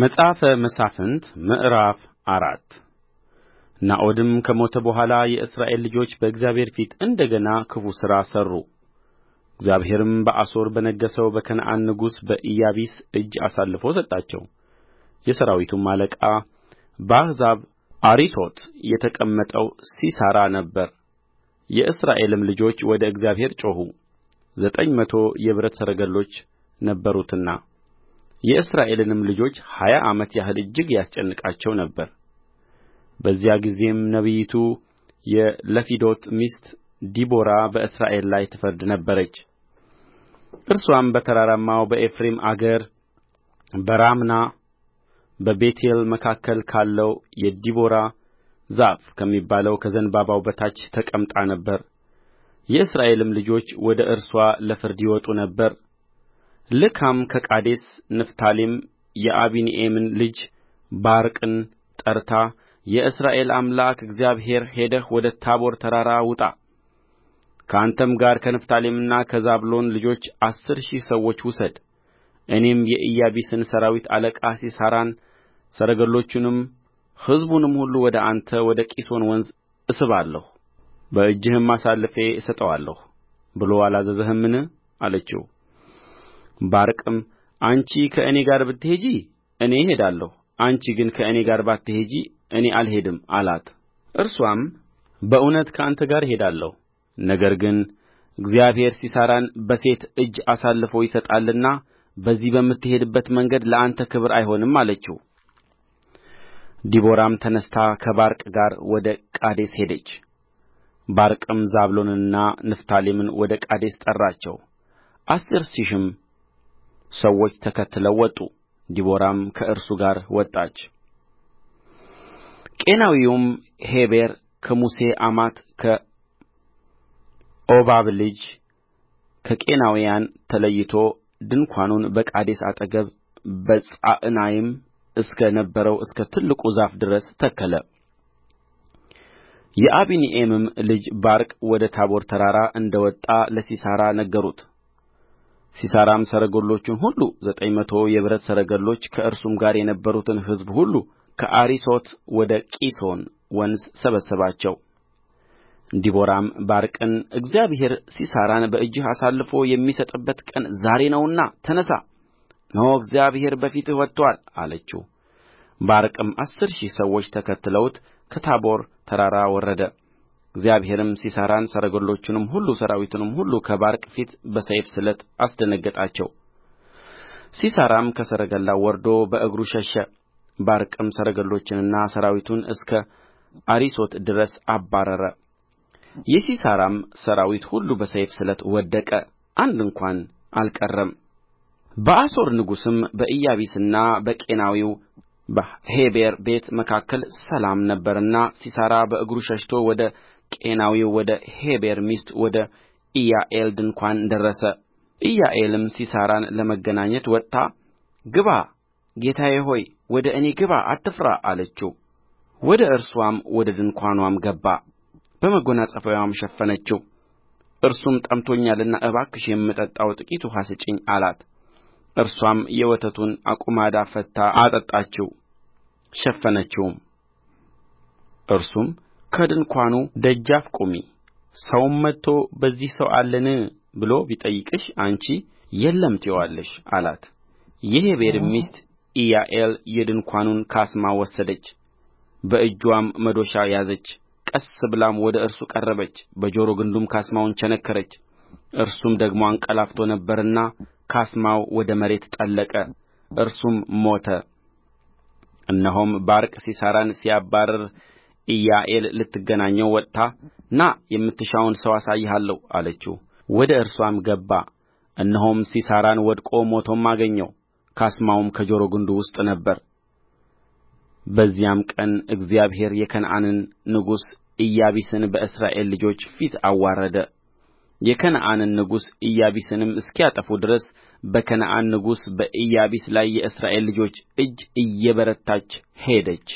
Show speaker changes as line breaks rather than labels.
መጽሐፈ መሣፍንት ምዕራፍ አራት ናዖድም ከሞተ በኋላ የእስራኤል ልጆች በእግዚአብሔር ፊት እንደ ገና ክፉ ሥራ ሠሩ። እግዚአብሔርም በአሦር በነገሠው በከነዓን ንጉሥ በኢያቢስ እጅ አሳልፎ ሰጣቸው። የሠራዊቱም አለቃ በአሕዛብ አሪሶት የተቀመጠው ሲሣራ ነበር። የእስራኤልም ልጆች ወደ እግዚአብሔር ጮኹ፣ ዘጠኝ መቶ የብረት ሰረገሎች ነበሩትና የእስራኤልንም ልጆች ሀያ ዓመት ያህል እጅግ ያስጨንቃቸው ነበር በዚያ ጊዜም ነቢይቱ የለፊዶት ሚስት ዲቦራ በእስራኤል ላይ ትፈርድ ነበረች እርሷም በተራራማው በኤፍሬም አገር በራማና በቤቴል መካከል ካለው የዲቦራ ዛፍ ከሚባለው ከዘንባባው በታች ተቀምጣ ነበር የእስራኤልም ልጆች ወደ እርሷ ለፍርድ ይወጡ ነበር ልካም ከቃዴስ ንፍታሌም የአቢኒኤምን ልጅ ባርቅን ጠርታ የእስራኤል አምላክ እግዚአብሔር ሄደህ ወደ ታቦር ተራራ ውጣ ከአንተም ጋር ከንፍታሌምና ከዛብሎን ልጆች አሥር ሺህ ሰዎች ውሰድ እኔም የኢያቢስን ሠራዊት አለቃ ሲሣራን ሰረገሎቹንም ሕዝቡንም ሁሉ ወደ አንተ ወደ ቂሶን ወንዝ እስባለሁ በእጅህም አሳልፌ እሰጠዋለሁ ብሎ አላዘዘህምን አለችው ባርቅም አንቺ ከእኔ ጋር ብትሄጂ እኔ እሄዳለሁ አንቺ ግን ከእኔ ጋር ባትሄጂ እኔ አልሄድም አላት እርስዋም በእውነት ከአንተ ጋር እሄዳለሁ ነገር ግን እግዚአብሔር ሲሣራን በሴት እጅ አሳልፎ ይሰጣልና በዚህ በምትሄድበት መንገድ ለአንተ ክብር አይሆንም አለችው ዲቦራም ተነሥታ ከባርቅ ጋር ወደ ቃዴስ ሄደች ባርቅም ዛብሎንንና ንፍታሌምን ወደ ቃዴስ ጠራቸው አሥር ሺህም ሰዎች ተከትለው ወጡ ዲቦራም ከእርሱ ጋር ወጣች ቄናዊውም ሔቤር ከሙሴ አማት ከኦባብ ልጅ ከቄናውያን ተለይቶ ድንኳኑን በቃዴስ አጠገብ በጻዕናይም እስከ ነበረው እስከ ትልቁ ዛፍ ድረስ ተከለ የአቢኒኤምም ልጅ ባርቅ ወደ ታቦር ተራራ እንደ ወጣ ለሲሳራ ነገሩት ሲሣራም ሰረገሎቹን ሁሉ ዘጠኝ መቶ የብረት ሰረገሎች ከእርሱም ጋር የነበሩትን ሕዝብ ሁሉ ከአሪሶት ወደ ቂሶን ወንዝ ሰበሰባቸው ዲቦራም ባርቅን እግዚአብሔር ሲሣራን በእጅህ አሳልፎ የሚሰጥበት ቀን ዛሬ ነውና ተነሣ እነሆ እግዚአብሔር በፊትህ ወጥቶአል አለችው ባርቅም አሥር ሺህ ሰዎች ተከትለውት ከታቦር ተራራ ወረደ እግዚአብሔርም ሲሣራን ሰረገሎቹንም ሁሉ ሠራዊቱንም ሁሉ ከባርቅ ፊት በሰይፍ ስለት አስደነገጣቸው። ሲሣራም ከሰረገላው ወርዶ በእግሩ ሸሸ። ባርቅም ሰረገሎቹንና ሠራዊቱን እስከ አሪሶት ድረስ አባረረ። የሲሣራም ሠራዊት ሁሉ በሰይፍ ስለት ወደቀ፣ አንድ እንኳን አልቀረም። በአሦር ንጉሥም በኢያቢስና በቄናዊው በሔቤር ቤት መካከል ሰላም ነበርና ሲሣራ በእግሩ ሸሽቶ ወደ ቄናዊው ወደ ሔቤር ሚስት ወደ ኢያዔል ድንኳን ደረሰ ኢያዔልም ሲሣራን ለመገናኘት ወጥታ ግባ ጌታዬ ሆይ ወደ እኔ ግባ አትፍራ አለችው ወደ እርስዋም ወደ ድንኳንዋም ገባ በመጐናጸፊያዋም ሸፈነችው እርሱም ጠምቶኛልና እባክሽ የምጠጣው ጥቂት ውኃ ስጭኝ አላት እርሷም የወተቱን አቁማዳ ፈትታ አጠጣችው ሸፈነችውም እርሱም ከድንኳኑ ደጃፍ ቁሚ ሰውም መጥቶ በዚህ ሰው አለን ብሎ ቢጠይቅሽ አንቺ የለም ትዪዋለሽ አላት የሔቤርም ሚስት ኢያዔል የድንኳኑን ካስማ ወሰደች በእጅዋም መዶሻ ያዘች ቀስ ብላም ወደ እርሱ ቀረበች በጆሮ ግንዱም ካስማውን ቸነከረች እርሱም ደግሞ አንቀላፍቶ ነበርና ካስማው ወደ መሬት ጠለቀ እርሱም ሞተ እነሆም ባርቅ ሲሣራን ሲያባርር ኢያዔል ልትገናኘው ወጥታ ና የምትሻውን ሰው አሳይሃለሁ አለችው ወደ እርስዋም ገባ እነሆም ሲሣራን ወድቆ ሞቶም አገኘው ካስማውም ከጆሮ ግንዱ ውስጥ ነበረ በዚያም ቀን እግዚአብሔር የከነዓንን ንጉሥ ኢያቢስን በእስራኤል ልጆች ፊት አዋረደ የከነዓንን ንጉሥ ኢያቢስንም እስኪያጠፉ ድረስ በከነዓን ንጉሥ በኢያቢስ ላይ የእስራኤል ልጆች እጅ እየበረታች ሄደች